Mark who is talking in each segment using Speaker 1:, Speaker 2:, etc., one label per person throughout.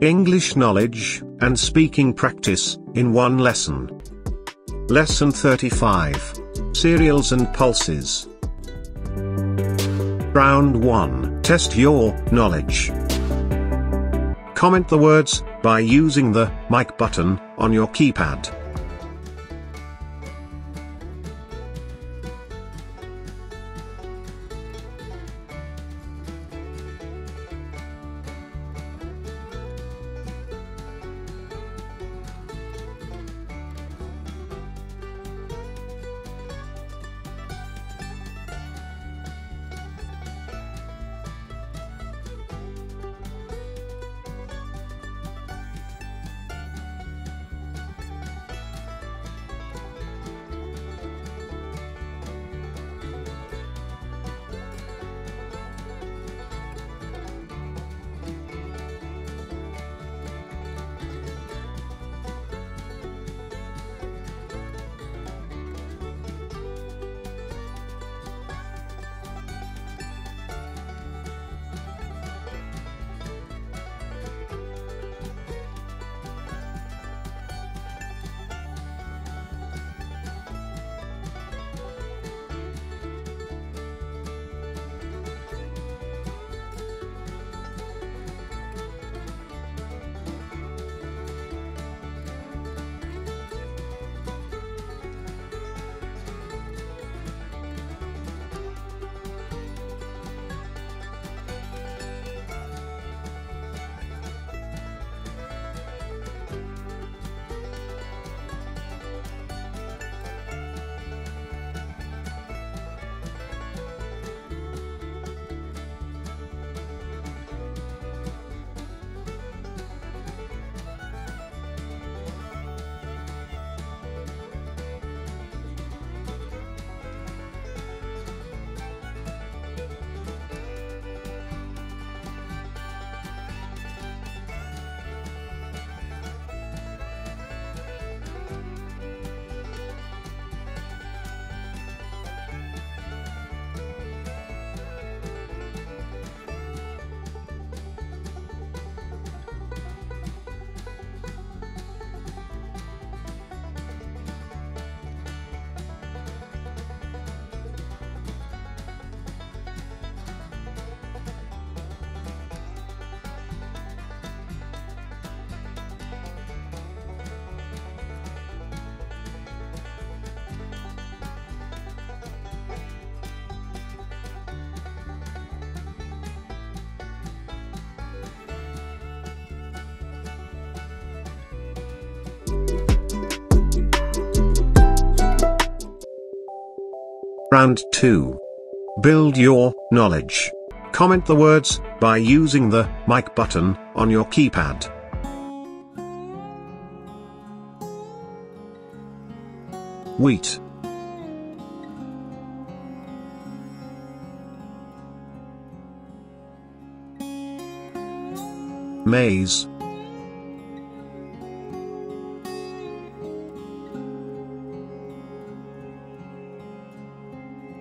Speaker 1: English knowledge and speaking practice in one lesson. Lesson 35 Cereals and Pulses. Round 1 Test your knowledge. Comment the words by using the mic button on your keypad. Round 2. Build your knowledge. Comment the words by using the mic button on your keypad. Wheat. Maize.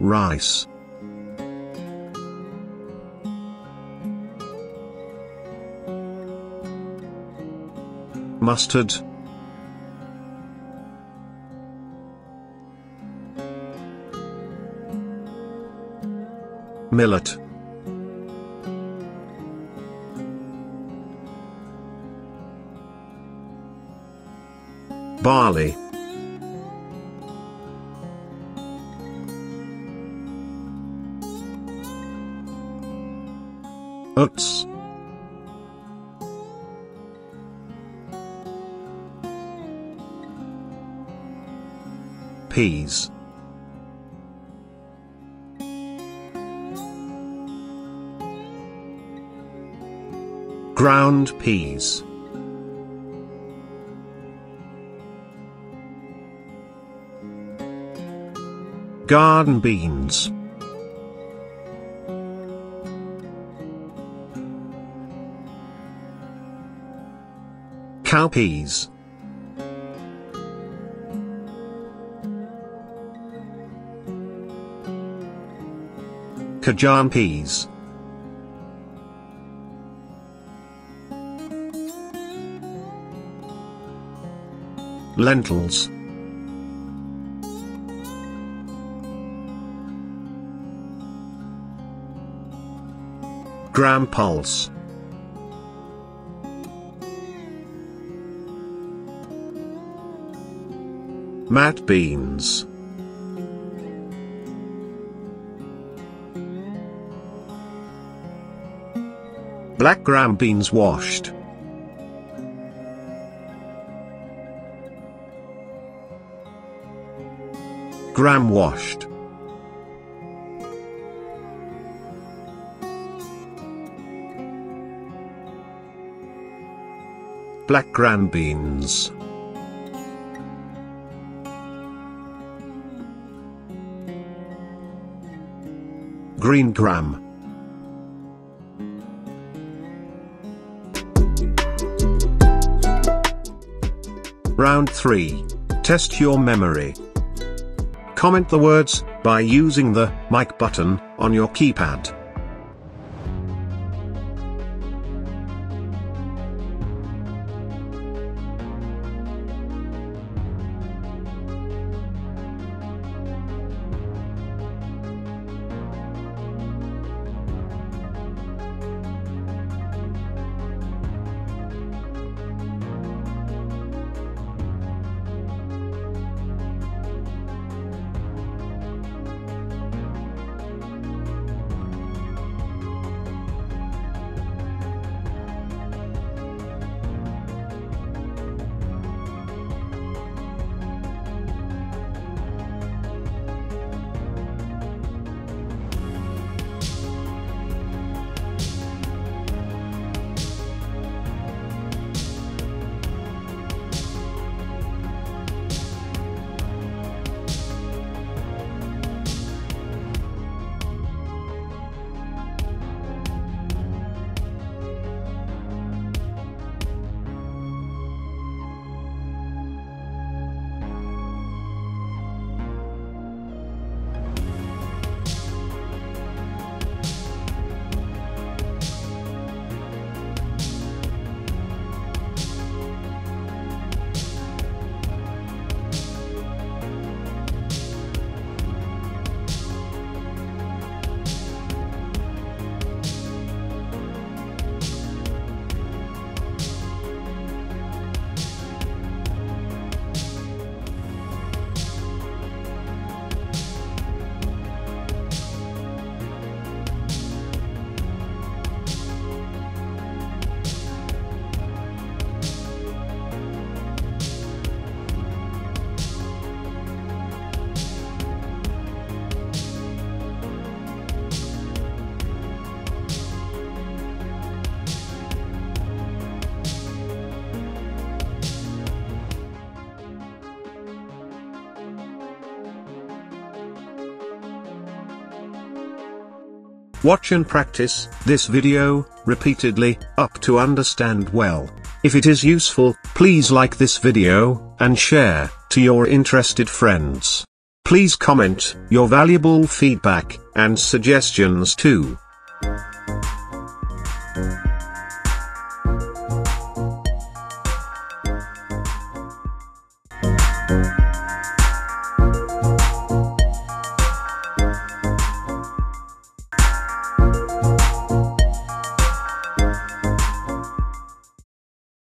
Speaker 1: rice. Mustard. Millet. Barley. Oops. Peas. Ground peas. Garden beans. Cowpeas. Kajam peas. Lentils. Gram pulse. Matt Beans. Black gram beans washed. Gram washed. Black gram beans. green gram. Round 3. Test your memory. Comment the words by using the mic button on your keypad. Watch and practice this video repeatedly up to understand well. If it is useful, please like this video and share to your interested friends. Please comment your valuable feedback and suggestions too.